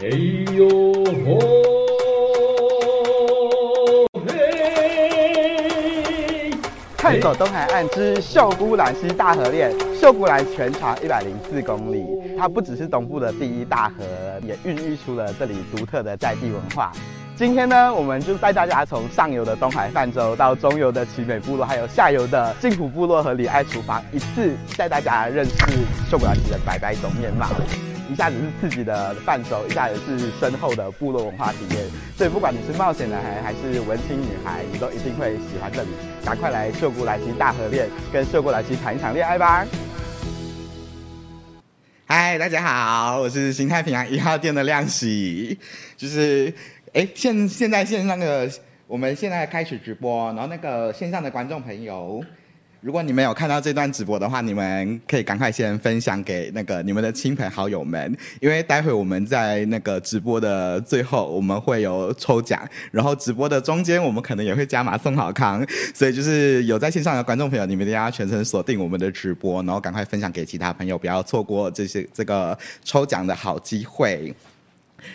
哎呦吼嘿！探索東海岸之秀姑巒溪大河戀，秀姑巒全長一百零四公里，它不只是東部的第一大河，也孕育出了這裡獨特的在地文化。今天呢，我們就帶大家從上游的東海泛舟，到中游的奇美部落，還有下游的靜浦部落和里艾廚房，一次帶大家認識秀姑巒溪的百百種面貌。一下子是刺激的泛舟，一下子是深厚的部落文化體驗，所以不管你是冒險男孩還是文青女孩，你都一定會喜歡這裡。趕快來秀姑巒溪大河戀跟秀姑巒溪談一場戀愛吧！嗨，大家好，我是新太平洋一號店的亮禧，就是，哎，現現在線上的，我們現在開始直播，然後那個線上的觀眾朋友。如果你們有看到這段直播的話，你們可以趕快先分享給那個你們的親朋好友們，因為待會我們在那個直播的最後，我們會有抽獎，然後直播的中間我們可能也會加碼送好康，所以就是有在線上的觀眾朋友，你們一定要全程鎖定我們的直播，然後趕快分享給其他朋友，不要錯過這些這個抽獎的好機會。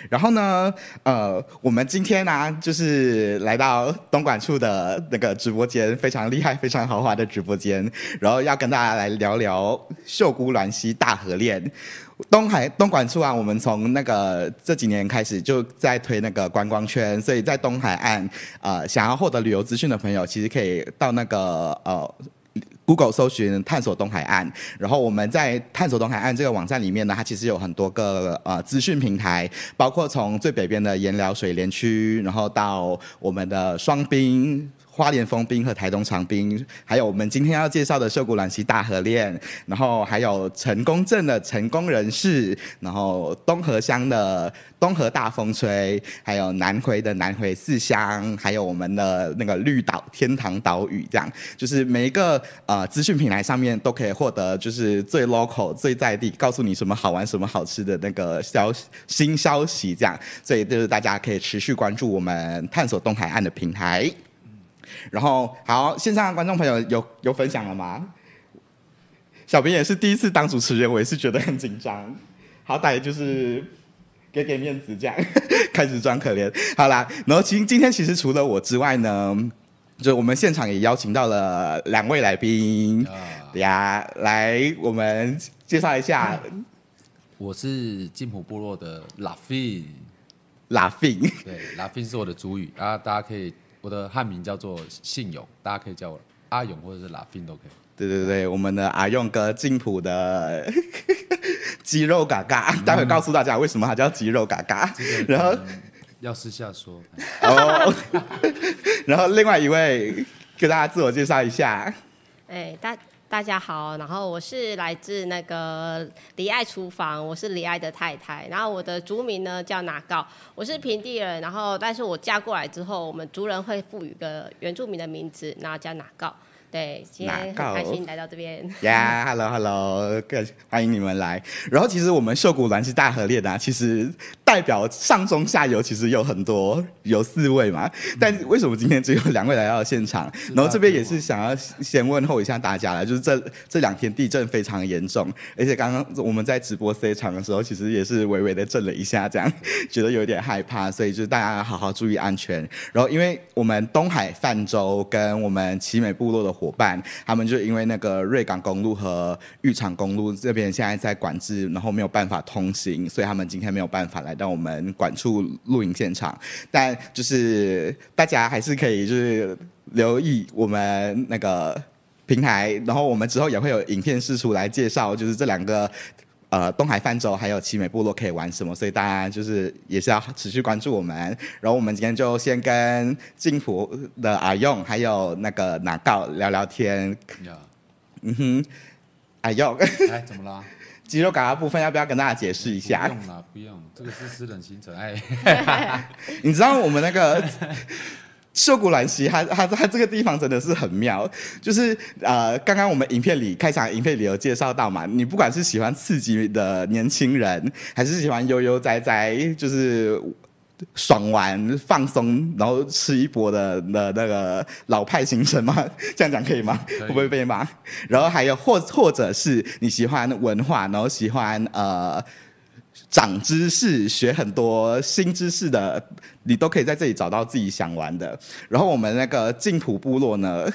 然後呢，呃，我們今天呢、啊，就是來到東莞處的那個直播間，非常厲害、非常豪華的直播間，然後要跟大家來聊聊秀姑巒溪大河戀，東海東莞處啊，我們從那個這幾年開始就在推那個觀光圈，所以在東海岸，呃，想要獲得旅遊資訊的朋友，其實可以到那個呃。哦 Google 搜尋探索東海岸，然後我們在探索東海岸這個網站裡面呢，它其實有很多個呃資訊平台，包括從最北邊的鹽寮水璉區，然後到我們的雙濱。花蓮豐濱和台東長濱，還有我們今天要介紹的秀姑巒溪大河戀，然後還有成功鎮的成功人士，然後東河鄉的東河大風吹，還有南迴的南迴四鄉，還有我們的那個綠島天堂島嶼，這樣就是每一個呃資訊平台上面都可以獲得就是最 local 最在地，告訴你什麼好玩什麼好吃的那個消新消息，這樣所以就是大家可以持續關注我們探索東海岸的平台。然後好，線上觀眾朋友有有分享了嗎？小編也是第一次當主持人，我也是覺得很緊張，好歹就是給給面子這樣，呵呵開始裝可憐。好啦，然後今今天其實除了我之外呢，就我們現場也邀請到了兩位來賓，呀、呃啊，來我們介紹一下。呃、我是靜浦部落的拉菲，拉菲，對，拉菲是我的族語啊，大家可以。我的漢名叫做信勇，大家可以叫我阿勇或者是拉 a 都可以。對對對，我們的阿勇哥，晉普的呵呵肌肉嘎嘎，待會告訴大家為什麼他叫肌肉嘎嘎。嗯、然後、這個嗯、要私下說。然、嗯、後、 哦，然後另外一位給大家自我介紹一下。哎，大。大家好，然後我是來自那個里艾廚房，我是里艾的太太，然後我的族名呢叫拿告，我是平地人，然後但是我嫁過來之後，我們族人會賦予一個原住民的名字，然後叫拿告。對，謝謝，很開心來到這邊。呀、nah, yeah,，Hello，Hello，各歡迎你們來。然後其實我們秀姑巒是大河戀的，其實代表上中下游，其實有很多有四位嘛。但為什麼今天只有兩位來到現場？吧然後這邊也是想要先問候一下大家了，就是這這兩天地震非常嚴重，而且剛剛我們在直播現場的時候，其實也是微微的震了一下，這樣覺得有點害怕，所以就是大家好好注意安全。然後因為我們東海泛舟跟我們奇美部落的。夥伴，他們就因為那個瑞港公路和玉長公路這邊現在在管制，然後沒有辦法通行，所以他們今天沒有辦法來到我們管處錄影現場。但就是大家還是可以就是留意我們那個平台，然後我們之後也會有影片釋出來介紹，就是這兩個。呃，東海泛舟還有奇美部落可以玩什麼？所以當然就是也是要持續關注我們。然後我們今天就先跟靜浦的阿用還有那個拿告聊聊天。Yeah. 嗯哼，阿用，哎、欸，怎麼了？肌肉感的部分要不要跟大家解釋一下？欸、不用了，不用，這個是私人行程。哎，你知道我們那個。 秀姑巒溪，它它它這個地方真的是很妙，就是呃，剛剛我們影片裡開場影片裡有介紹到嘛，你不管是喜歡刺激的年輕人，還是喜歡悠悠哉哉，就是爽玩放鬆，然後吃一波的的那個老派行程嘛，這樣講可以嗎？以會不會背嗎？然後還有或或者是你喜歡文化，然後喜歡呃。長知識、學很多新知識的，你都可以在這裡找到自己想玩的。然後我們那個靜浦部落呢，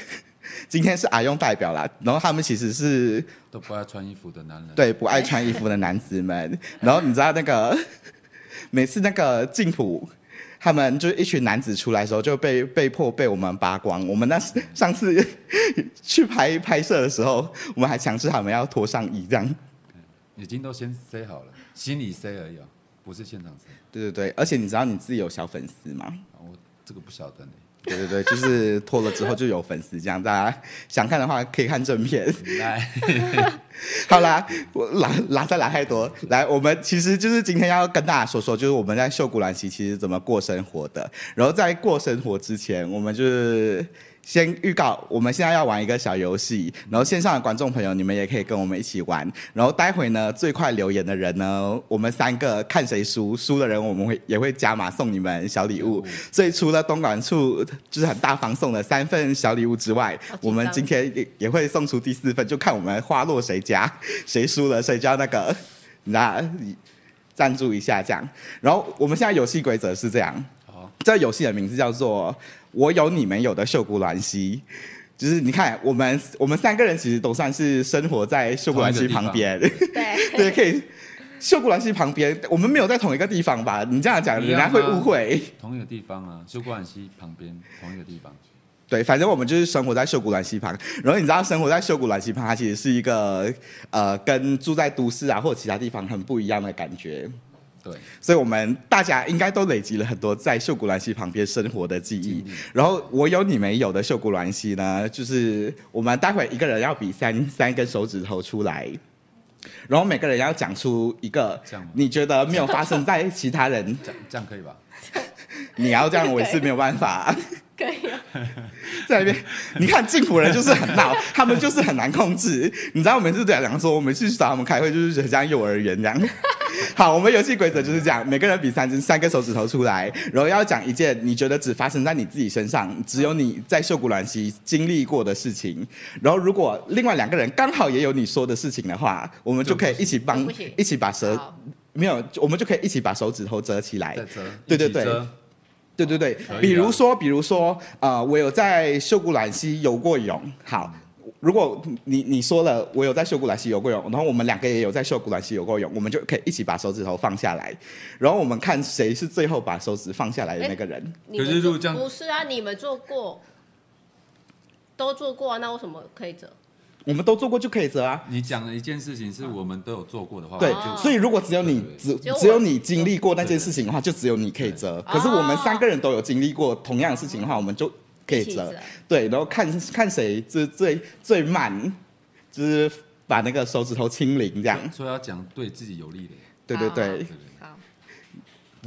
今天是阿勇代表啦。然後他們其實是都不愛穿衣服的男人，對，不愛穿衣服的男子們。 然後你知道那個每次那個靜浦他們就是一群男子出來的時候就被被迫被我們扒光。我們那、嗯、上次去拍拍攝的時候，我們還強制他們要脫上衣，這樣已經都先塞好了。心理 C 而已哦，不是現場 C。對對對，而且你知道你自己有小粉絲嗎？我這個不曉得。對對對，就是脫了之後就有粉絲，這樣 大家想看的話可以看正片。來， 好啦，我拉拉再來太多， 來，我們其實就是今天要跟大家說說，就是我們在秀姑巒溪其實怎麼過生活的。然後在過生活之前，我們就是。先預告，我們現在要玩一個小遊戲，然後線上的觀眾朋友，你們也可以跟我們一起玩。然後待會呢，最快留言的人呢，我們三個看誰輸，輸的人我們會也會加碼送你們小禮物。所以除了東管處就是很大方送了三份小禮物之外，我們今天也也會送出第四份，就看我們花落誰家，誰輸了誰家那個，那你贊助一下這樣。然後我們現在遊戲規則是這樣。這遊戲的名字叫做“我有你沒有的秀姑巒溪”，就是你看我們我們三個人其實都算是生活在秀姑巒溪旁邊，對 對可以，秀姑巒溪旁邊，我們沒有在同一個地方吧？你這樣講人家會誤會。同一個地方啊，秀姑巒溪旁邊同一個地方。對，反正我們就是生活在秀姑巒溪旁。然後你知道生活在秀姑巒溪旁，它其實是一個呃，跟住在都市啊或者其他地方很不一樣的感覺。對，所以我們大家應該都累積了很多在秀姑巒溪旁邊生活的記憶。然後我有你沒有的秀姑巒溪呢，就是我們待會一個人要比三三根手指頭出來，然後每個人要講出一個，你覺得沒有發生在其他人， 這樣，這樣可以吧？ 你要這樣，我也是沒有辦法。 在再一遍，你看靜浦人就是很鬧， 他們就是很難控制。你知道，我每次都要講，說，我每次去找他們開會，就是很像幼兒園這樣。 好，我們遊戲規則就是這樣，每個人比三只三個手指頭出來，然後要講一件你覺得只發生在你自己身上，只有你在秀姑巒溪經歷過的事情。然後如果另外兩個人剛好也有你說的事情的話，我們就可以一起幫，一起把折，好沒有，我們就可以一起把手指頭折起來。對,起對對對。對對對，啊、比如說，比如說，呃，我有在秀姑巒溪游過泳。好，如果你你說了我有在秀姑巒溪游過泳，然後我們兩個也有在秀姑巒溪游過泳，我們就可以一起把手指頭放下來，然後我們看誰是最後把手指放下來的那個人。可是這樣。不是啊，你們做過，都做過，啊，那為什麼可以走？我們都做過就可以折啊！你講的一件事情是我們都有做過的話，對，哦、所以如果只有你只只有你經歷過那件事情的話，對對對，就只有你可以折。對對對，可是我們三個人都有經歷過同樣的事情的話，對對對，我們就可以折。哦、對，然後看看誰是最最最慢，就是把那個手指頭清零這樣。所以，所以要講對自己有利的，對對對。哦對對對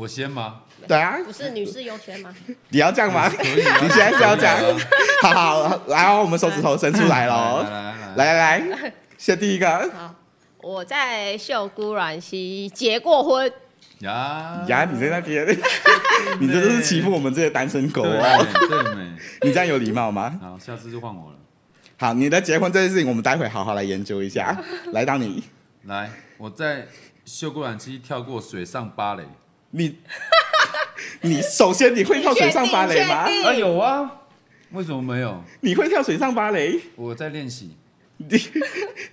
我先嗎？對啊，不是女士優先嗎？你要這樣嗎？可以，你現在是要這樣。好好，來哦，我們手指頭伸出來嘍！來來來來來來，先第一個。好，我在秀姑巒溪結過婚。呀呀，你在那邊，你這都是欺負我們這些單身狗啊！你這樣有禮貌嗎？好，下次就換我了。好，你的結婚這件事情，我們待會好好來研究一下。來，到你。來，我在秀姑巒溪跳過水上芭蕾。你，你首先你會跳水上芭蕾嗎？啊，有啊。為什麼沒有？你會跳水上芭蕾？我在練習。你，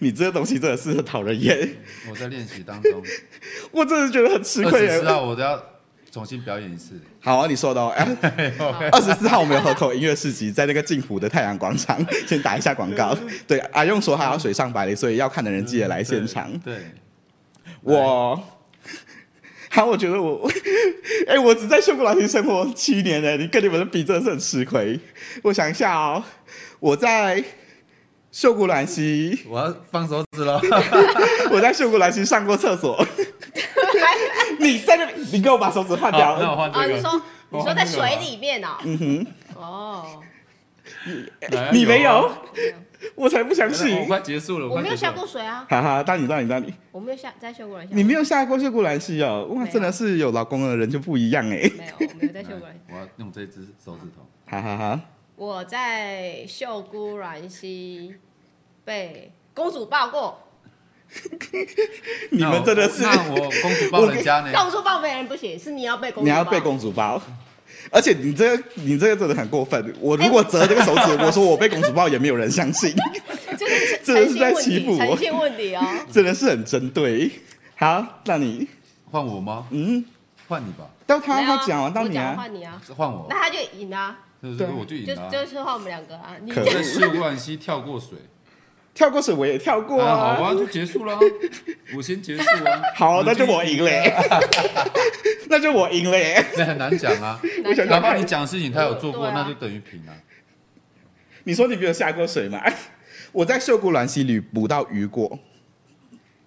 你這個東西真的是討人厭。我在練習當中， 我真的覺得很吃虧。二十四號我都要重新表演一次。好啊，你說的哦。二十四號我們有河口音樂市集，在那個靜浦的太陽廣場，先打一下廣告。對阿、啊、用說還要水上芭蕾，所以要看的人記得來現場。對，對我。好，我覺得我，哎、欸，我只在秀姑巒溪生活七年呢、欸，你跟你們比真的是很吃虧。我想一下哦、喔，我在秀姑巒溪，我要放手指了， 我在秀姑巒溪上過廁所， 你在那裡，你給我把手指換掉，我換、這個、啊，你說你說在水裡面、哦、嗯哼，哦、oh.，你你沒有。 有啊我才不相信來！戲我快結束了，我沒有下過水啊！哈哈，當你當你當你，我沒有下在秀姑巒溪，你沒有下過秀姑巒溪哦！有哇，真的是有老公的人就不一樣哎、欸！ 沒有，我沒有在秀姑巒溪。 我要用這支手指頭，哈哈哈！我在秀姑巒溪被公主抱過， 你們真的是……那我公主抱人家呢？讓我說抱別人不行，是你要被公你要被公主抱。 而且你這個，你這個真的很過分。我如果折這個手指，欸、我，我說我被公主抱也沒有人相信。 真的是在欺負我，問題真的是很針對。好，那你換我嗎？嗯，換你吧。到他他講完，啊，到你啊，換你啊，換我。那他就贏啊。對，我對就贏啊。就是換我們兩個啊。你。可在樹冠溪跳過水。 跳過水我也跳過啊！好啊，就結束了。我先結束啊。好，那就我贏嘞。那就我贏嘞。這很難講啊，哪怕你講事情他有做過，那就等於平啊。你說你沒有下過水嗎？我在秀姑巒溪裡捕到魚過。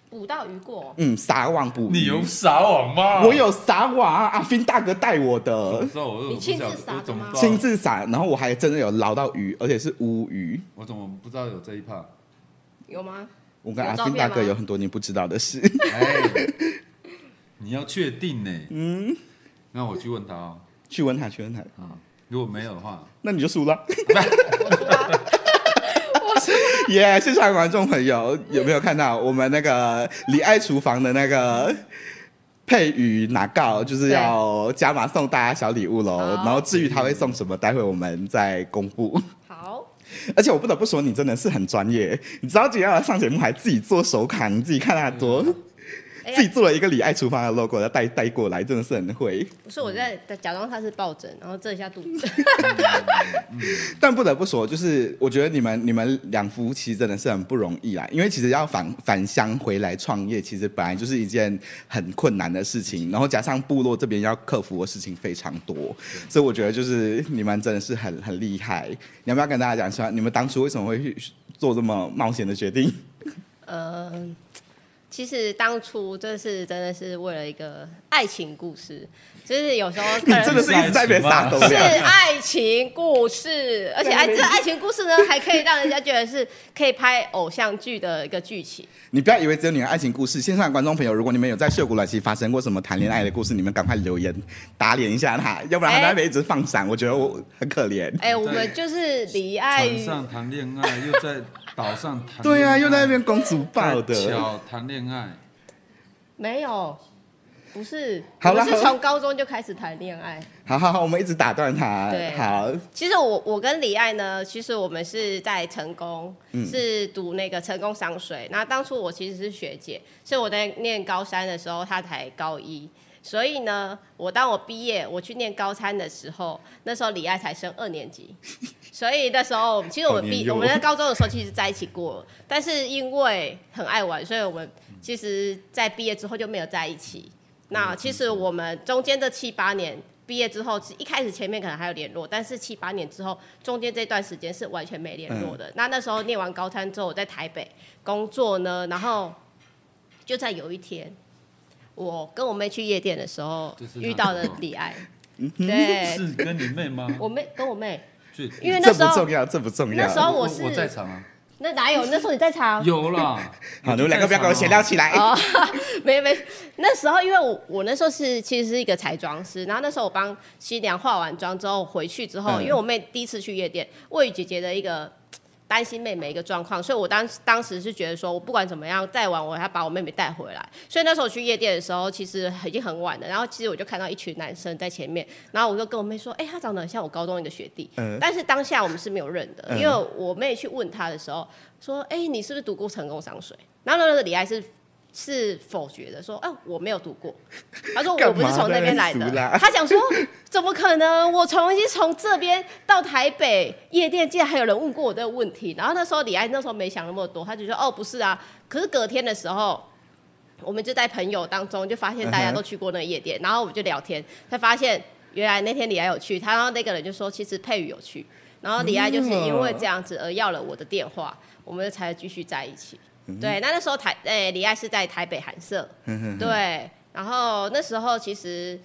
捕到魚過？嗯，撒網捕魚。你有撒網嗎？我有撒網，阿斌大哥帶我的。你親自撒？怎麼？親自撒，然後我還真的有撈到魚，而且是烏魚。我怎麼不知道有這一趴？有嗎？我跟阿信大哥有很多你不知道的事。你要確定呢？嗯，那我去問他哦，去問他，去問他。啊，如果沒有的話，那你就輸了。耶！現場觀眾朋友有沒有看到我們那個里艾廚房的那個佩宇拿告就是要加碼送大家小禮物嘍？然後至於他會送什麼，待會我們再公布。而且我不得不說，你真的是很專業。你知道要上節目，還自己做手卡，你自己看得、啊、多。嗯自己做了一個里艾廚房的 logo，然後帶帶過來，真的是很會。不是我在假裝他是抱枕，然後遮一下肚子。但不得不說，就是我覺得你們你們兩夫妻真的是很不容易啦、啊，因為其實要返返鄉回來創業，其實本來就是一件很困難的事情，然後加上部落這邊要克服的事情非常多，嗯、所以我覺得就是你們真的是很很厲害。你要不要跟大家講一下你們當初為什麼會去做這麼冒險的決定？嗯、呃。其實當初這是真的是為了一個愛情故事，就是有時候你真的是一直在那邊傻等，是愛情故事，而且愛這愛情故事呢，還可以讓人家覺得是可以拍偶像劇的一個劇情。你不要以為只有你的愛情故事，線上的觀眾朋友，如果你們有在秀姑巒溪發生過什麼談戀愛的故事，你們趕快留言打臉一下他，要不然他在那邊一直放閃，我覺得我很可憐。哎，我們就是離愛上談戀愛又在。 島上對啊，又在那邊公主抱的小談戀愛，沒有，不是好我啦是從高中就開始談戀愛。好好好，我們一直打斷他。對，好。其實我我跟里艾呢，其實我們是在成功，是讀那個成功商水。那、嗯、當初我其實是學姐，所以我在念高三的時候，他才高一。所以呢，我當我畢業，我去念高三的時候，那時候里艾才升二年級。 所以那時候，其實我們畢我們在高中的時候其實在一起過，但是因為很愛玩，所以我們其實在畢業之後就沒有在一起。嗯、那其實我們中間這七八年畢業之後，一開始前面可能還有聯絡，但是七八年之後，中間這段時間是完全沒聯絡的。嗯、那那時候念完高三之後，我在台北工作呢，然後就在有一天，我跟我妹去夜店的時候，遇到了里艾， 對，是跟你妹嗎？我妹跟我妹。因為那時候這不重要，這不重要。那時候我是我我在場啊，那哪有？那時候你在場。有了啦， 好，你，啊、你們兩個不要跟我閒聊起來。哦、哈哈沒沒，那時候因為我我那時候是其實是一個彩妝師，然後那時候我幫新娘化完妝之後回去之後，嗯、因為我妹第一次去夜店，我與姐姐的一個。擔心妹妹一個狀況，所以我當當時是覺得說，我不管怎麼樣，再晚我還要把我妹妹帶回來。所以那時候去夜店的時候，其實已經很晚了。然後其實我就看到一群男生在前面，然後我就跟我妹說：“哎、欸，他長得很像我高中一個學弟。嗯”但是當下我們是沒有認的，因為我妹去問他的時候說：“哎、欸，你是不是讀過成功商水？”然後那個里艾是。是否決的說，哦、啊，我沒有讀過。他說我不是從那邊來的。他想說，怎麼可能我？我已經從這邊到台北夜店，竟然還有人問過我這個問題。然後那時候里艾那時候沒想那麼多，他就說，哦，不是啊。可是隔天的時候，我們就在朋友當中就發現大家都去過那個夜店，uh huh. 然後我們就聊天，才發現原來那天里艾有去。他然後那個人就說，其實佩宇有去。然後里艾就是因為這樣子而要了我的電話，我們才繼續在一起。 對，那那時候台誒、欸、裡艾是在台北寒舍， 對，然後那時候其實。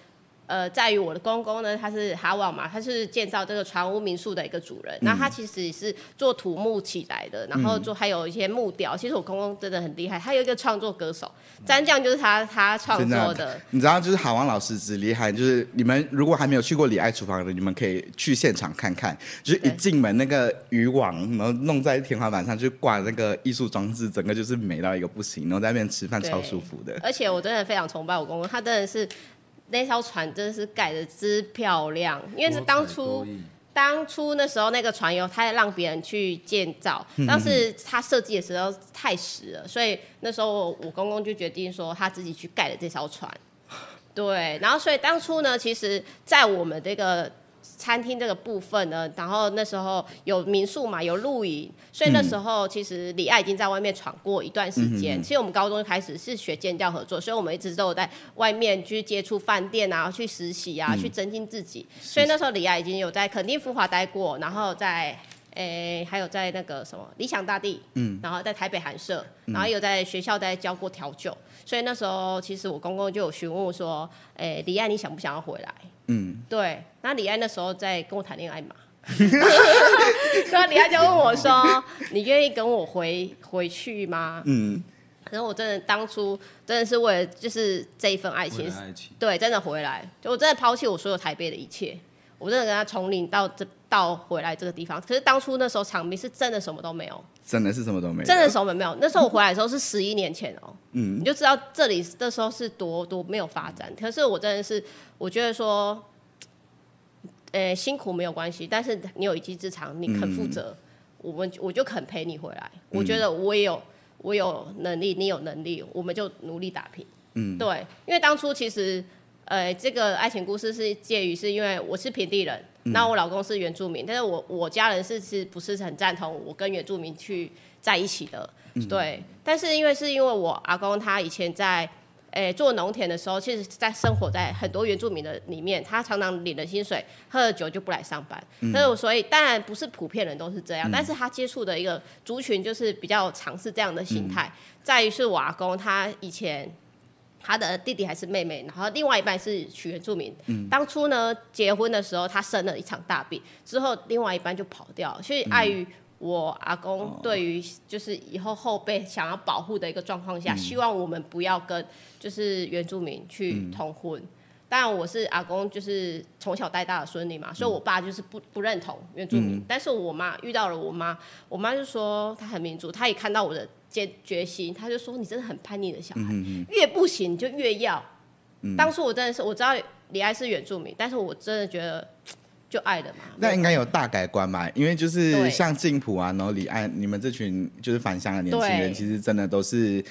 呃，在於我的公公呢，他是哈王嘛，他是建造這個船屋民宿的一個主人。嗯、那他其實是做土木起來的，然後做還有一些木雕。其實我公公真的很厲害，他有一個創作歌手，詹、嗯、將就是他他創作的。你知道，就是哈王老師之厲害，就是你們如果還沒有去過裡艾廚房的，你們可以去現場看看，就是一進門對那個漁網，然後弄在天花板上，就掛那個藝術裝置，整個就是美到一個不行，然後在那邊吃飯超舒服的。而且我真的非常崇拜我公公，他真的是。那艘船真的是蓋的之漂亮，因為是當初，多多當初那時候那個船友他讓別人去建造，但是、嗯、他設計的時候太實了，所以那時候我我公公就決定說他自己去蓋了這艘船，對，然後所以當初呢，其實，在我們這個。餐廳這個部分呢，然後那時候有民宿嘛，有露營，所以那時候其實裡艾已經在外面闖過一段時間。嗯、其實我們高中開始是學建教合作，所以我們一直都有在外面去接觸飯店啊，去實習啊，嗯、去增進自己。所以那時候裡艾已經有在墾丁福華待過，然後在誒、哎、還有在那個什麼理想大地，嗯。然後在台北寒舍，嗯、然後有在學校在教過調酒。所以那時候其實我公公就有詢問我說：“誒、哎，裡艾，你想不想要回來？”嗯。對。那李安那時候在跟我談戀愛嘛，所以李安就問我說：“你願意跟我回回去嗎？”嗯，可是我真的當初真的是為了就是這一份愛情，愛情對，真的回來，就我真的拋棄我所有台北的一切，我真的跟他從零到這到回來這個地方。可是當初那時候場面是真的什麼都沒有，真的是什麼都沒有，真的什麼都沒有。那時候我回來的時候是十一年前哦、喔，嗯，你就知道這裡那時候是多多沒有發展。可是我真的是，我覺得說。呃，辛苦沒有關係，但是你有一技之長，你肯負責，嗯、我們我就肯陪你回來。我覺得我也有我有能力，你有能力，我們就努力打拼。嗯，對，因為當初其實，呃、這個愛情故事是介於是因為我是平地人，那、嗯、我老公是原住民，但是我我家人是是不是很贊同我跟原住民去在一起的？嗯、對，但是因為是因為我阿公他以前在。哎、欸，做農田的時候，其實，在生活在很多原住民的裡面，他常常領了薪水，喝了酒就不來上班。那、嗯、所以當然不是普遍人都是這樣，嗯、但是他接觸的一個族群就是比較嘗試這樣的心態，嗯、在於是我阿公，他以前他的弟弟還是妹妹，然後另外一半是娶原住民。嗯、當初呢，結婚的時候他生了一場大病，之後另外一半就跑掉了，所以礙於。我阿公對於就是以後後輩想要保護的一個狀況下，希望我們不要跟就是原住民去通婚。當然我是阿公，就是從小帶大的孫女嘛，所以我爸就是不不認同原住民。但是我媽遇到了我媽，我媽就說她很民主，她也看到我的決決心，她就說，你真的很叛逆的小孩，越不行你就越要。當初我真的是我知道里艾是原住民，但是我真的覺得。就愛的嘛，那應該有大改觀嘛，對因為就是像靜浦啊，然後里艾，你們這群就是返鄉的年輕人，對其實真的都是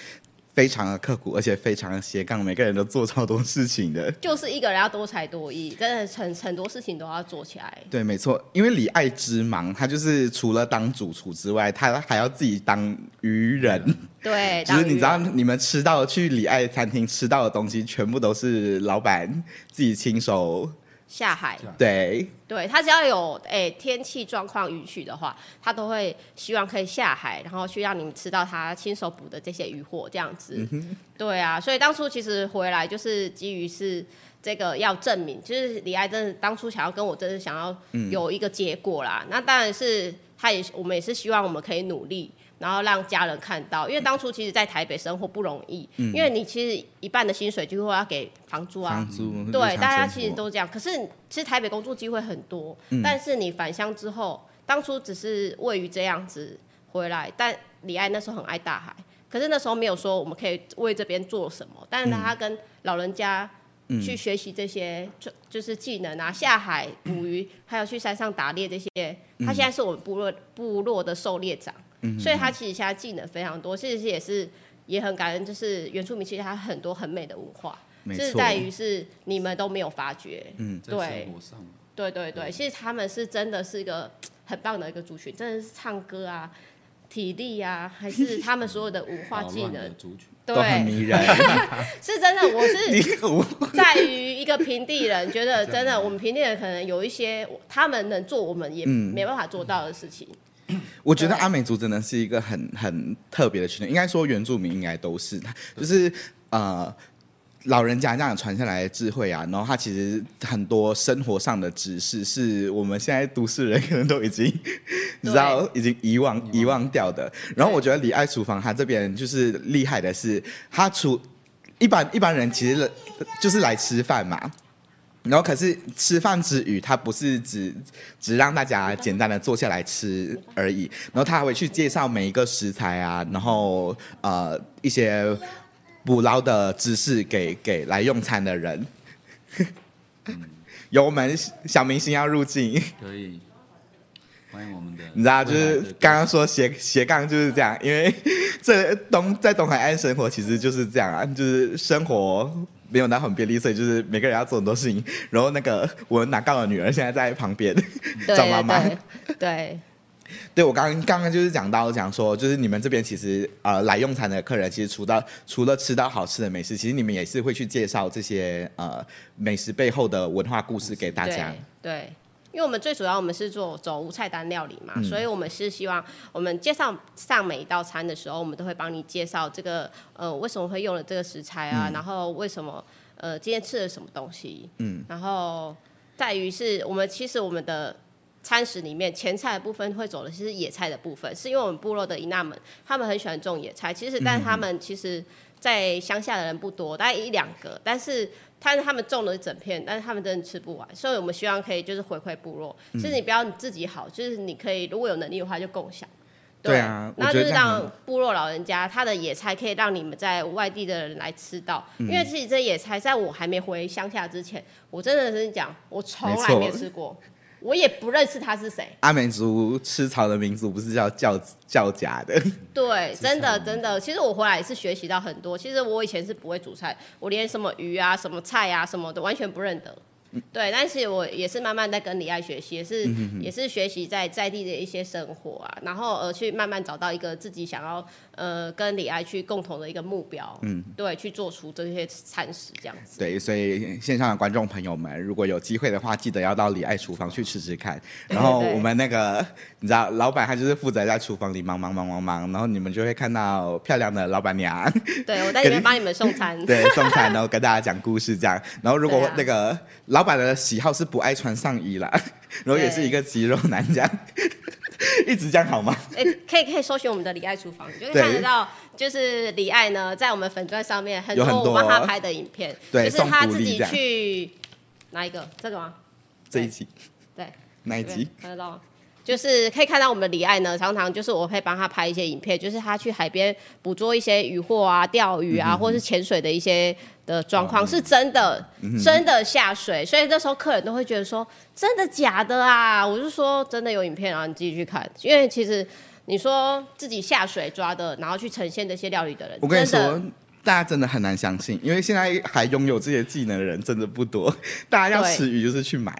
非常的刻苦，而且非常的斜槓，每個人都做超多事情的。就是一個人要多才多藝，真的很很多事情都要做起來。對，沒錯，因為里艾之忙，他就是除了當主廚之外，他還要自己當漁人。對， 就是你知道，你們吃到去里艾餐廳吃到的東西，全部都是老闆自己親手。下海對，對，他只要有誒、欸、天氣狀況允許的話，他都會希望可以下海，然後去讓你們吃到他親手捕的這些漁獲。這樣子。嗯、哼對啊，所以當初其實回來就是基於是這個要證明，就是里艾真當初想要跟我，真是想要有一個結果啦。嗯、那當然是他也我們也是希望我們可以努力。然後讓家人看到，因為當初其實，在台北生活不容易，嗯、因為你其實一半的薪水就會要給房租啊。房租，嗯、對，大家其實都這樣。可是其實台北工作機會很多，嗯、但是你返鄉之後，當初只是位於這樣子回來。但里艾那時候很愛大海，可是那時候沒有說我們可以為這邊做什麼。但是呢，他跟老人家去學習這些就、嗯、就是技能啊，下海捕魚，嗯、還有去山上打獵這些。他現在是我們部落部落的狩獵長。所以，他其實現在技能非常多，其實是也是也很感恩，就是原住民其實他很多很美的文化，就是在於是你們都沒有發覺，嗯，對，對對對對，嗯，其實他們是真的是一個很棒的一個族群，真的是唱歌啊、體力啊，還是他們所有的文化技能，對，很迷人啊， 是真的，我是在於一個平地人，覺得真的我們平地人可能有一些他們能做，我們也沒辦法做到的事情。嗯 我覺得阿美族真的是一個很很特別的族群，應該說原住民應該都是他，就是呃老人家這樣傳下來的智慧啊，然後他其實很多生活上的知識，是我們現在都市人可能都已經你對知道已經遺忘遺忘掉的。然後我覺得里艾廚房他這邊就是厲害的是，他廚一般一般人其實就是來吃飯嘛。然後可是吃飯之餘，他不是只只讓大家簡單的坐下來吃而已，然後他還會去介紹每一個食材啊，然後呃一些捕撈的知識給給來用餐的人。 嗯、有我們小明星要入鏡，可以歡迎我們的，的。 你知道，就是剛剛說斜斜槓就是這樣，因為這東在東海岸生活其實就是這樣啊，就是生活。沒有到很便利，所以就是每個人要做很多事情。然後那個我們拿的女兒現在在旁邊，對呵呵找媽媽。對，對， 對我剛剛剛就是講到講說，就是你們這邊其實呃來用餐的客人，其實除到除了吃到好吃的美食，其實你們也是會去介紹這些呃美食背後的文化故事給大家。對。對因為我們最主要我們是做走無菜單料理嘛，嗯、所以我們是希望我們介紹上每一道餐的時候，我們都會幫你介紹這個呃為什麼會用了這個食材啊，嗯、然後為什麼呃今天吃了什麼東西，嗯，然後在於是我們其實我們的餐食裡面前菜的部分會走的是野菜的部分，是因為我們部落的伊娜們他們很喜歡種野菜，其實但他們其實在鄉下的人不多，大概一兩個，但是。但是他們種了一整片，但是他們真的吃不完，所以我們希望可以就是回饋部落，就是、嗯、你不要你自己好，就是你可以如果有能力的話就共享。對，對啊，那就是讓部落老人家他的野菜可以讓你們在外地的人來吃到，嗯、因為其實這野菜在我還沒回鄉下之前，我真的是講我從來沒吃過。沒錯 我也不認識他是誰。阿美族吃草的民族不是叫叫叫假的。對，的真的真的。其實我回來也是學習到很多。其實我以前是不會煮菜，我連什麼魚啊、什麼菜啊、什麼的完全不認得。對，但是我也是慢慢在跟里艾學習，也是、嗯、哼哼也是學習在在地的一些生活啊，然後呃去慢慢找到一個自己想要呃跟里艾去共同的一個目標，嗯，對，去做出這些餐食這樣子。對，所以線上的觀眾朋友們，如果有機會的話，記得要到里艾廚房去吃吃看。然後我們那個對你知道，老板他就是負責在廚房裡忙忙忙忙忙，然後你們就會看到漂亮的老板娘。對，我在裡面幫你們送餐，對，送餐然後跟大家講故事這樣。然後如果那個老老闆的喜好是不愛穿上衣啦，然後也是一個肌肉男，這樣對 一直這樣好嗎？哎，可以可以搜尋我們的里艾廚房，對就是看得到，就是里艾呢，在我們粉專上面很多我幫他拍的影片，很多對，就是他自己去拿一個這個嗎？這一集對哪一集看得到嗎？就是可以看到我們的里艾呢，常常就是我會幫他拍一些影片，就是他去海邊捕捉一些漁獲啊、釣魚啊，嗯、哼或者是潛水的一些的狀況，嗯、哼是真的，嗯、哼真的下水，所以那時候客人都會覺得說，真的假的啊？我是說真的有影片，然後你自己去看，因為其實你說自己下水抓的，然後去呈現這些料理的人，的我跟你說，大家真的很難相信，因為現在還擁有這些技能的人真的不多，大家要吃魚就是去買，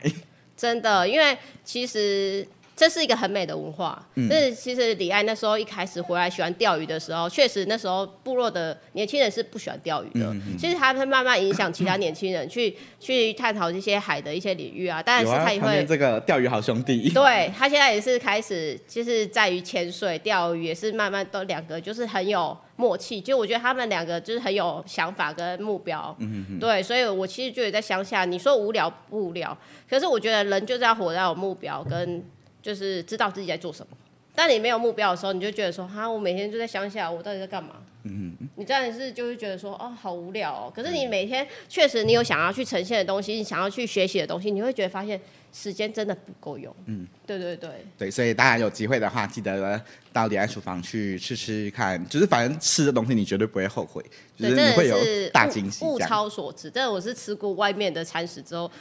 真的，因為其實。這是一個很美的文化。嗯。但是其實里艾那時候一開始回來喜歡釣魚的時候，確實那時候部落的年輕人是不喜歡釣魚的。嗯嗯。其實他們慢慢影響其他年輕人去、嗯、去探討這些海的一些領域啊。當但是他也會、啊、這個釣魚好兄弟。對，他現在也是開始，就是在於潛水、釣魚，也是慢慢都兩個就是很有默契。就我覺得他們兩個就是很有想法跟目標。嗯，嗯，嗯。對，所以我其實覺得在鄉下，你說無聊不無聊，可是我覺得人就是要活到有目標跟。就是知道自己在做什麼，當你沒有目標的時候，你就覺得說哈，我每天就在鄉下，我到底在幹嘛？嗯嗯，你這樣是就是覺得說啊、哦，好無聊哦。可是你每天確、嗯、實你有想要去呈現的東西，你、嗯、想要去學習的東西，你會覺得發現時間真的不夠用。嗯，對對對。對，所以大家有機會的話，記得到里艾廚房去吃吃看，就是反正吃的東西你絕對不會後悔，就是你會有大驚喜物，物超所值。但我是吃過外面的餐食之後。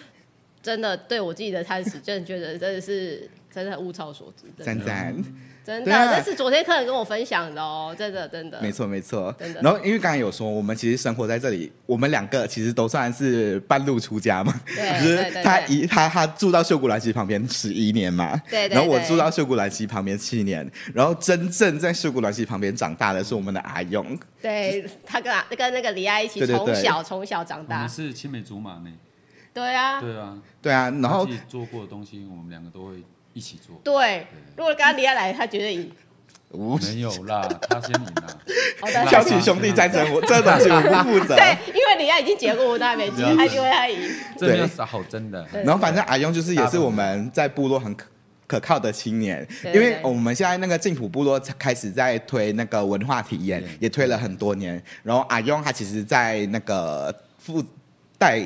真的，對我自己的餐食，真的覺得真的是真的很物超所值，真的，讚讚真的，真的、啊。這是昨天客人跟我分享的哦，真的，真的。沒錯，沒錯，真的。然後因為剛才有說，我們其實生活在這裡，我們兩個其實都算是半路出家嘛。對，是他一他他，他住到秀姑巒溪旁邊十一年嘛。對，對，對，然後我住到秀姑巒溪旁邊七年，然後真正在秀姑巒溪旁邊長大的是我們的阿勇。對，他跟跟那個里艾一起從小從小長大。是青梅竹馬呢。對啊，對啊，對啊，然後做過的東西，我們兩個都會一起做。對，如果剛剛李亞來，他絕對贏。沒有啦，他先贏啦。挑起兄弟戰爭，我真我不負責。對，因為李亞已經結婚，他沒結婚，他就會他贏。真的好真的。然後反正阿勇就是也是我們在部落很可靠的青年，因為我們現在那個靜浦部落開始在推那個文化體驗，也推了很多年。然後阿勇他其實，在那個附帶。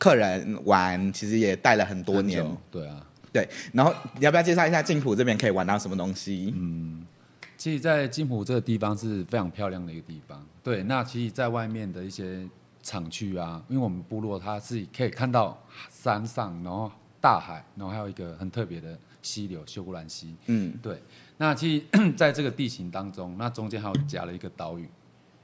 客人玩其實也帶了很多年，對啊，對，然後你要不要介紹一下靜浦這邊可以玩到什麼東西？嗯，其實，在靜浦這個地方是非常漂亮的一個地方。對，那其實，在外面的一些廠區啊，因為我們部落它是可以看到山上，然後大海，然後還有一個很特別的溪流——秀姑巒溪。嗯，對。那其實在這個地形當中，那中間還有夾了一個島嶼，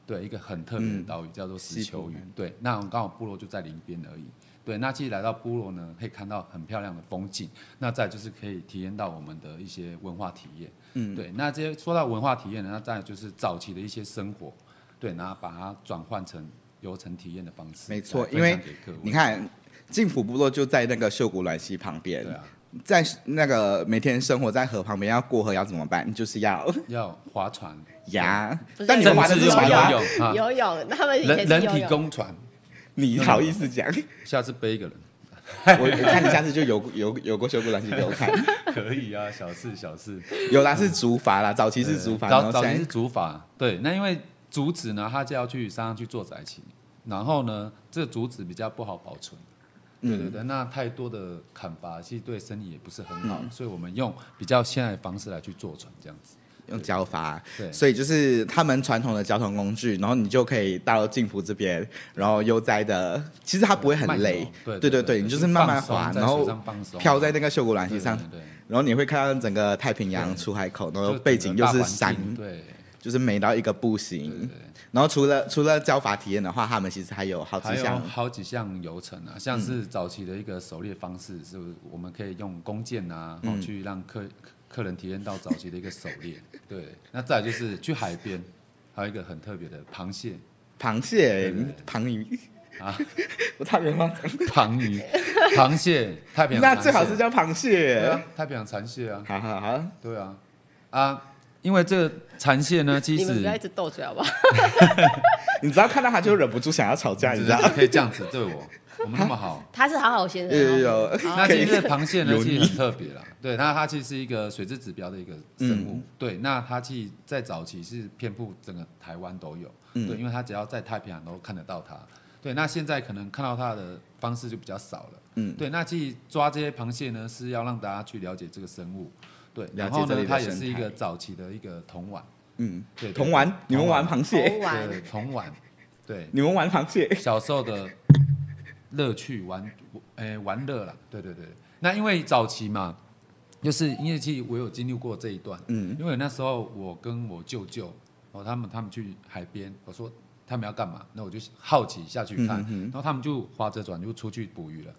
對，一個很特別的島嶼、嗯、叫做石球嶼。對，那我們剛好部落就在鄰邊而已。對，那其實來到部落呢，可以看到很漂亮的風景。那再就是可以體驗到我們的一些文化體驗。嗯，對，那這些說到文化體驗呢，那再就是早期的一些生活，對，然後把它轉換成遊程體驗的方式。沒錯，給客戶，因為你看，靜浦部落就在那個秀姑巒溪旁邊。對啊，在那個每天生活在河旁邊，要過河要怎麼辦？就是要要划船呀？Yeah、但你們划的是船，啊、他們不是游泳，游泳，那們人人體工船。你好意思講、嗯？下次背一個人， 我看你下次就有有有過修復纜繩給我看。 可以啊，小事小事。嗯、有啦，是竹筏啦，早期是竹筏，嗯嗯，早早期是竹筏。對，那因為竹子呢，它就要去山上，上去做宅旗，然後呢，這個竹子比較不好保存。嗯、對對對，那太多的砍伐其實對身體也不是很好，嗯、所以我們用比較現代的方式來去做船這樣子。用膠筏，所以就是他們傳統的交通工具，然後你就可以到靜浦這邊，然後悠哉的，其實它不會很累，對對對，你就是慢慢划，然後漂在那個秀姑巒溪上，然後你會看到整個太平洋出海口，然後背景又是山，對，就是美到一個不行。然後除了除了膠筏體驗的話，他們其實還有好幾項，還有好幾項遊程啊，像是早期的一個狩獵方式，是不是我們可以用弓箭啊，去讓客。客人體驗到早期的一個狩獵，對，那再來就是去海邊，還有一個很特別的螃蟹，螃蟹，螃蟹啊，不特別嗎？螃蟹，螃蟹，太平洋蟹蟹，那最好是叫螃蟹，啊，太平洋螃蟹，蟹啊，好，好，好對啊，啊，因為這個螃蟹呢，其實不要一直鬥嘴好不好？ 你只要看到他就忍不住想要吵架，你知道你可以這樣子對我。我沒那麼好，他是好好先生。有有，那其實螃蟹呢，其實很特別啦。對，那它其實是一個水質指標的一個生物。對，那它其實在早期是遍佈整個台灣都有。對，因為它只要在太平洋都看得到它。對，那現在可能看到它的方式就比較少了。嗯，對，那其實抓這些螃蟹呢，是要讓大家去了解這個生物。對，然後呢，它也是一個早期的一個童玩。嗯，對，童玩，你們玩螃蟹？童玩，童玩，對，你們玩螃蟹？小時候的。樂趣玩，哎、欸，玩樂了，對對對。那因為早期嘛，就是音樂器，我有經歷過這一段。嗯。因為那時候我跟我舅舅，哦，他們他們去海邊，我說他們要幹嘛？那我就好奇下去看。嗯、哼然後他們就划着船就出去捕魚了。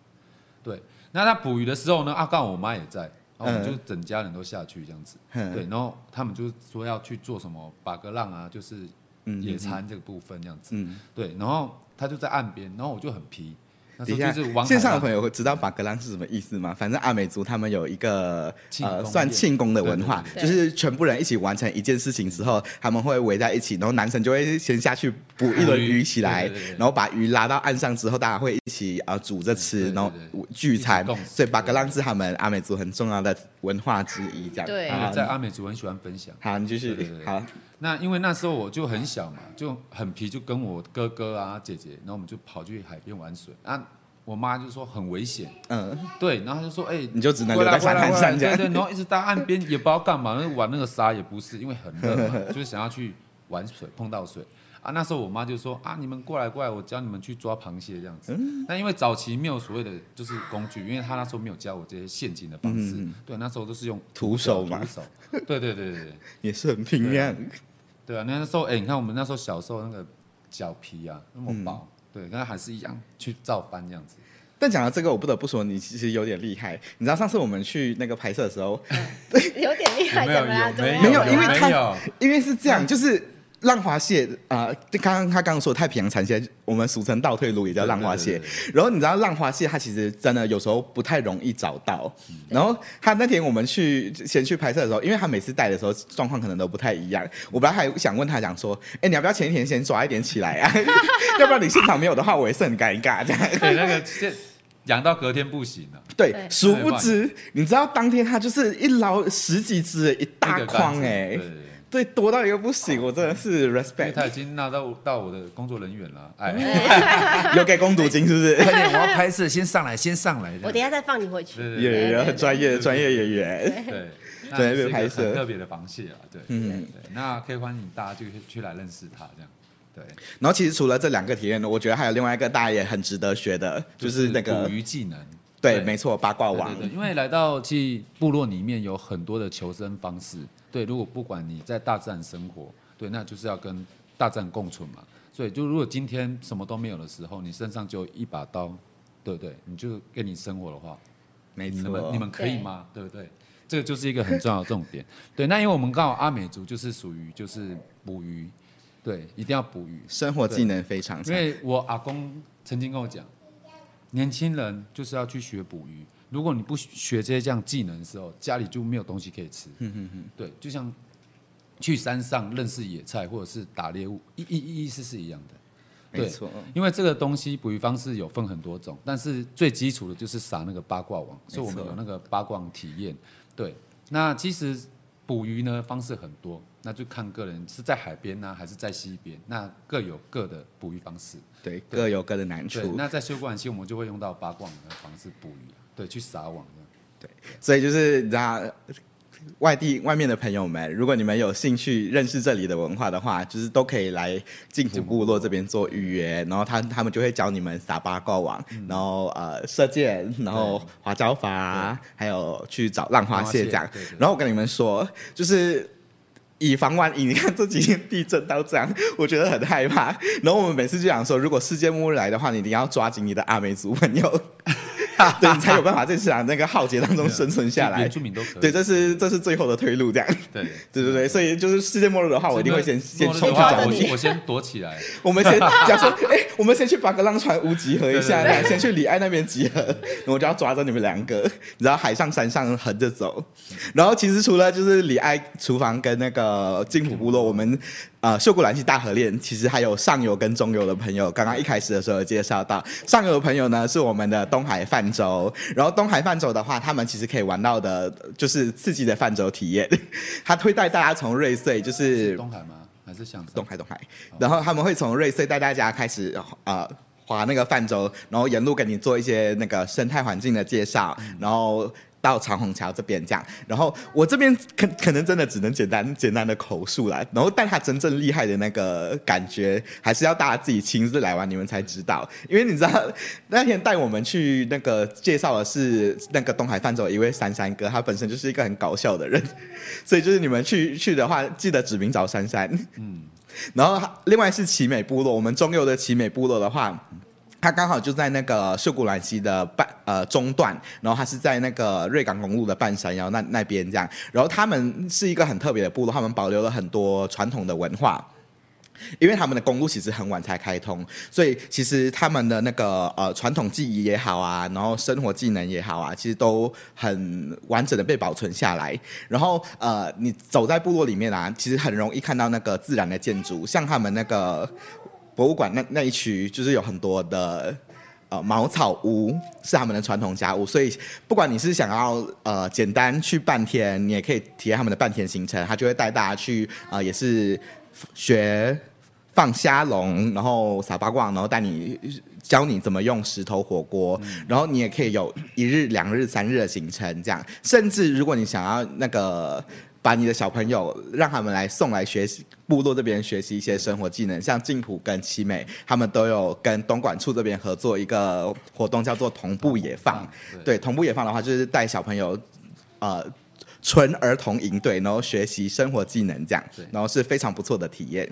對。那他捕魚的時候呢，阿、啊、剛好我媽也在，然後我們就整家人都下去這樣子。嗯、對，然後他們就說要去做什麼八格浪啊，就是野餐這個部分這樣子。嗯、哼對，然後他就在岸邊，然後我就很皮。底下，就是線上的朋友會知道巴格朗是什麼意思嗎？反正阿美族他們有一個功呃算慶功的文化，就是全部人一起完成一件事情之後，他們會圍在一起，然後男生就會先下去捕一輪魚起來，然後把魚拉到岸上之後，大家會一起啊、呃、煮着吃，然後聚餐。所以巴格朗是他們阿美族很重要的。文化之一這樣對、嗯對，在阿美族很喜歡分享。好，你繼續。好，那因為那時候我就很小嘛，就很皮，就跟我哥哥啊、姐姐，然後我們就跑去海邊玩水。啊，我媽就說很危險。嗯，對。然後她就說，哎、欸，你就只能在沙灘上，對對。然後一直到岸邊也不知道幹嘛， 玩那個沙也不是，因為很熱嘛， 就是想要去玩水，碰到水。啊，那時候我媽就說啊，你們過來過來，我教你們去抓螃蟹這樣子。那、嗯、因為早期沒有所謂的就是工具，因為他那時候沒有教我這些陷阱的方式。嗯嗯對，那時候都是用徒手，嘛手。對對對對，對，也是很拼命。對，對，對，對啊，那那時候，哎、欸，你看我們那時候小時候那個腳皮啊，那麼薄。嗯、對，那還是一樣去照搬這樣子。但講到這個，我不得不說你其實有點厲害。你知道上次我們去那個拍攝的時候，嗯、有點厲害怎麼樣？沒有，有沒，有有沒，有沒有，因為他有沒有，因為是這樣，就是。浪花蟹啊，就、呃、剛剛他剛剛說太平洋產蟹，我們俗稱倒退路，也叫浪花蟹。對對對對，然後你知道浪花蟹它其實真的有時候不太容易找到。是的 然後他那天我們去先去拍攝的時候，因為他每次帶的時候狀況可能都不太一樣。我本來還想問他講說，哎，你要不要前一天先抓一點起來啊？ 要不然你現場沒有的話，我也是很尷尬這樣。對，那個先養到隔天不行了、啊。對，殊對不知你知道當天他就是一撈十幾隻，只一大筐哎、欸。多到一個不行，我真的是 respect。他已經拿到到我的工作人員了，哎，有給工讀金是不是？我要拍攝，先上來，先上來。我等一下再放你回去。有，員，專業專業演員，對，對，拍攝特別的螃蟹啊，對。嗯，那可以歡迎大家就去來認識他這樣。對。然後其實除了這兩個體驗，我覺得還有另外一個大家也很值得學的，就是那個捕魚技能。對，沒錯，八卦王。因為來到去部落裡面有很多的求生方式。對，如果不管你在大自然生活，對，那就是要跟大自然共存嘛。所以，就如果今天什麼都沒有的時候，你身上就一把刀，對不對，對？你就跟你生活的話，沒錯。你們可以嗎？對不對，對，對？這個就是一個很重要的重點。 對，那因為我們剛好阿美族就是屬於就是捕魚，對，一定要捕魚，生活技能非常強。因為我阿公曾經跟我講，年輕人就是要去學捕魚。如果你不學這些這樣技能的時候，家裡就沒有東西可以吃。嗯、哼哼對，就像去山上認識野菜或者是打獵物，意意思是一樣的。沒錯錯，因為這個東西捕魚方式有分很多種，但是最基礎的就是撒那個八卦網，錯所以我們有那個八卦體驗。對，那其實捕魚呢方式很多，那就看個人是在海邊呢、啊、還是在溪邊，那各有各的捕魚方式。對，對各有各的難處。那在休漁期，我們就會用到八卦網的方式捕魚。對，去撒網的，對，所以就是你知道，外地外面的朋友們，如果你們有興趣認識這裡的文化的話，就是都可以來靜浦部落這邊做預約，嗯、然後他他們就會教你們撒八卦網，嗯、然後呃射箭，然後對划膠筏，對還有去找浪花蟹這樣。對對對，然後我跟你們說，就是以防萬一，你看這幾天地震到這樣，我覺得很害怕。然後我們每次就想說，如果世界末日來的話，你一定要抓緊你的阿美族朋友。 對，你才有辦法在想、啊、那個浩劫當中生存下來。對，對，這是這是最後的退路，這樣。對對對對，對對對所以就是世界末日的話，我一定會先的先衝去找我我先躲起來。 我們先假設，哎、 欸，我們先去巴格浪船屋集合一下，對對對先去里艾那邊集合，然後我就要抓着你們兩個，然後海上山上橫着走。然後其實除了就是里艾廚房跟那個靜浦部落，嗯、我們。呃，秀姑巒溪大河戀其實還有上游跟中游的朋友，剛剛一開始的時候有介紹到上游的朋友呢，是我們的東海泛舟，然後東海泛舟的話，他們其實可以玩到的就是刺激的泛舟體驗，他 會帶大家從瑞穗就是，是東海嗎？還是想東海東海，然後他們會從瑞穗帶大家開始呃劃那個泛舟，然後沿路給你做一些那個生態環境的介紹，然後。到長虹橋這邊這樣，然後我這邊可可能真的只能簡單簡單的口述了，然後但他真正厲害的那個感覺，還是要大家自己親自來玩你們才知道，因為你知道那天帶我們去那個介紹的是那個東海泛舟一位珊珊哥，他本身就是一個很搞笑的人，所以就是你們去去的話，記得指名找珊珊。嗯，然後另外是奇美部落，我們中游的奇美部落的話，他剛好就在那個秀姑巒溪的半呃、中段，然後他是在那個瑞港公路的半山腰那那邊這樣，然後他們是一個很特別的部落，他們保留了很多傳統的文化，因為他們的公路其實很晚才開通，所以其實他們的那個呃、傳統技藝也好啊，然後生活技能也好啊，其實都很完整的被保存下來。然後呃，你走在部落裡面啊，其實很容易看到那個自然的建築，像他們那個。博物館那那一區就是有很多的，呃，茅草屋是他們的傳統家屋，所以不管你是想要呃簡單去半天，你也可以體驗他們的半天行程，他就會帶大家去啊、呃，也是學放蝦籠，嗯、然後撒八卦，然後帶你教你怎麼用石頭火鍋，嗯、然後你也可以有一日、兩日、三日的行程這樣，甚至如果你想要那個。把你的小朋友讓他們來送來學習部落這邊學習一些生活技能，像靜浦跟奇美，他們都有跟東管處這邊合作一個活動，叫做同步野放。啊、對，對，同步野放的話就是帶小朋友，呃，純兒童營隊，然後學習生活技能這樣，對然後是非常不錯的體驗。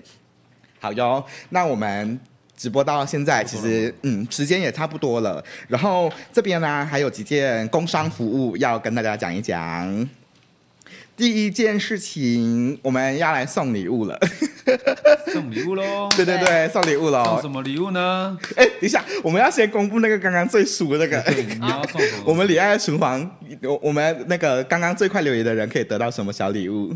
好喲，那我們直播到現在，其實嗯，時間也差不多了。然後這邊呢，還有幾件工商服務要跟大家講一講。第一件事情，我們要來送禮物了， 送禮物嘍！對對對，哎、送禮物嘍！送什麼禮物呢？哎，等一下，我們要先公布那個剛剛最熟的那個，我們離我們里艾廚房，我我們那個剛剛最快留言的人可以得到什麼小禮物？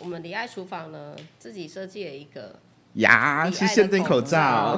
我們里艾廚房呢，自己設計了一個。呀，是限定口罩，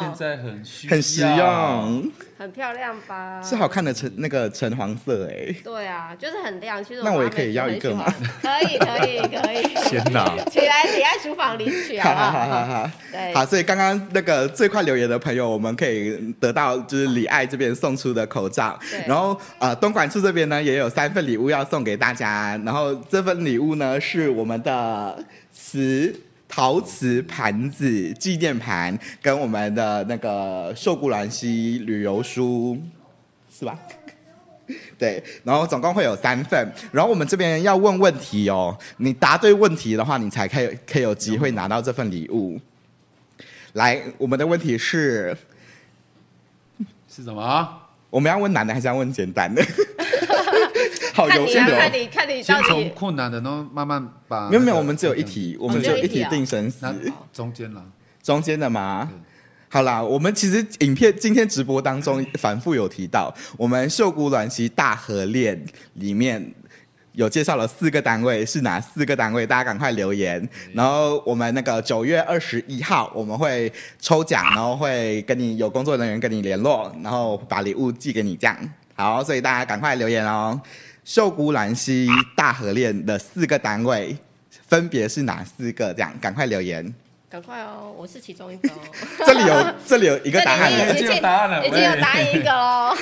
現在很很實用，很漂亮吧？是好看的橙，那個橙黃色，欸，哎，對啊，就是很亮。其實那我也可以要一個嘛？ 可以可以可以，先拿。里 艾，里艾廚房領取啊！ 好好好好對，好，所以剛剛那個最快留言的朋友，我們可以得到就是里艾這邊送出的口罩。吧然後，呃，東管處這邊呢，也有三份禮物要送給大家。然後，這份禮物呢，是我們的詞。陶瓷盤子、紀念盤，跟我們的那個《秀姑巒溪》旅遊書，是吧？對，然後總共會有三份。然後我們這邊要問問題哦，你答對問題的話，你才可以可以有機會拿到這份禮物。來，我們的問題是是什麼？我們要問難的，還是要問簡單的？好，有限留。看你看你先從困難的，然後慢慢把、那個。沒有沒有，我們只有一題，哦、我們只有一題定生死。中間的，中間的嗎？對好啦，我們其實影片今天直播當中反覆有提到， 我們秀姑巒溪大河戀裡面有介紹了四個單位，是哪四個單位？大家趕快留言。對然後我們那個九月二十一號我們會抽獎，然後會跟你有工作人員跟你聯絡，然後把禮物寄給你。這樣好，所以大家趕快留言哦。秀姑巒溪大河戀的四個單位，分別是哪四個？這樣趕快留言，趕快哦！我是其中一個、哦。 這裡有，這裡有一個答案了，已經有答案了，對已經有答案一個嘍。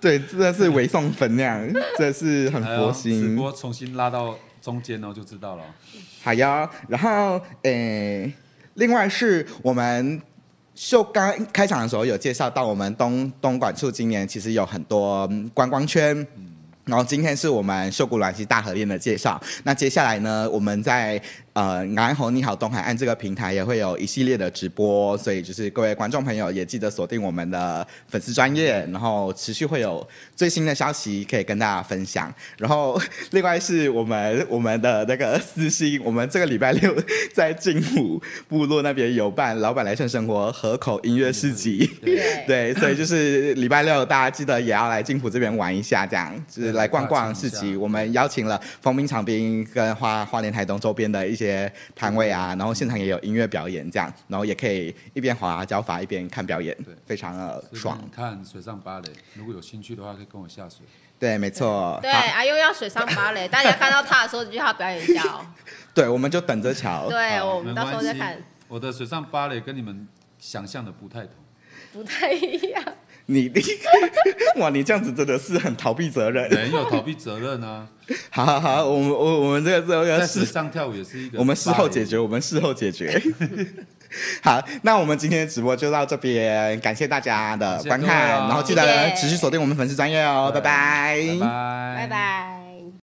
對，真的是唯送分量， 這是很佛心。直播、哎、重新拉到中間哦，就知道了。好呀、哎，然後誒、哎，另外是我們秀剛，剛開場的時候有介紹到，我們東東管處今年其實有很多觀光圈。嗯然後今天是我們秀姑巒溪大河戀的介紹，那接下來呢，我們在。呃，南紅你好，東海岸這個平台也會有一系列的直播，所以就是各位觀眾朋友也記得鎖定我們的粉絲專頁，然後持續會有最新的消息可以跟大家分享。然後另外是我們我們的那個私信，我們這個禮拜六在靜浦部落那邊有辦老板來串生活河口音樂市集，嗯、對， 對，所以就是禮拜六大家記得也要來靜浦這邊玩一下，這樣就是來逛逛市集。嗯、我，我們邀請了豐濱長濱跟花花蓮台東周邊的一些。攤位啊，然後現場也有音樂表演，這樣，然後也可以一邊划膠筏一邊看表演，對，非常的爽。看水上芭蕾，如果有興趣的話，可以跟我下水。對，沒錯、嗯。對好啊，因要水上芭蕾， 大家看到他的時候，就要表演一下哦。 對，我們就等着瞧。對，好我們到時候再看。我的水上芭蕾跟你們想象的不太同，不太一樣。你，你哇，你這樣子真的是很逃避責任。沒有逃避責任啊。 好好好，我們我我們這個、這個、是，是在上跳舞也是，我們事後解決，我們事後解決。 好，那我們今天的直播就到這邊，感謝大家的觀看，謝謝啊、然後記得謝謝持續鎖定我們粉絲專頁哦，對拜拜，拜拜。拜拜。